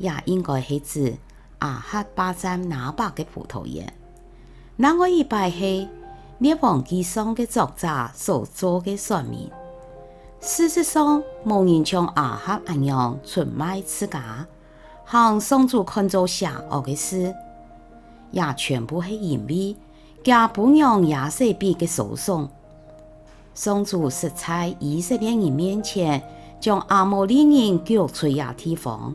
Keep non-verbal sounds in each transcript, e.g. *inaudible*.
也應該係指阿哈霸占那伯嘅葡萄園，那我亦拜係聶王紀上嘅作者所作嘅說明。事實上，無人將阿哈一樣出賣自家，向上主看做邪惡嘅事，也全部係因為加本娘亞瑟邊嘅訴訟，上主是在以色列人面前將阿摩里人救出亞提防。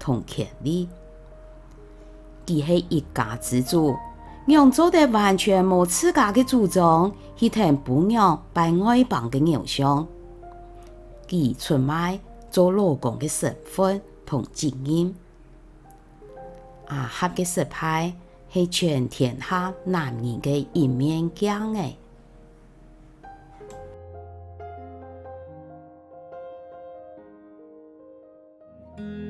同田利佢係一家之主，讓做得完全無自家嘅主張，一同布娘拜外邦嘅偶像，佢出賣做老公嘅身份同尊嚴。亞哈嘅失敗係全天下男人嘅一面鏡誒、欸！ *music*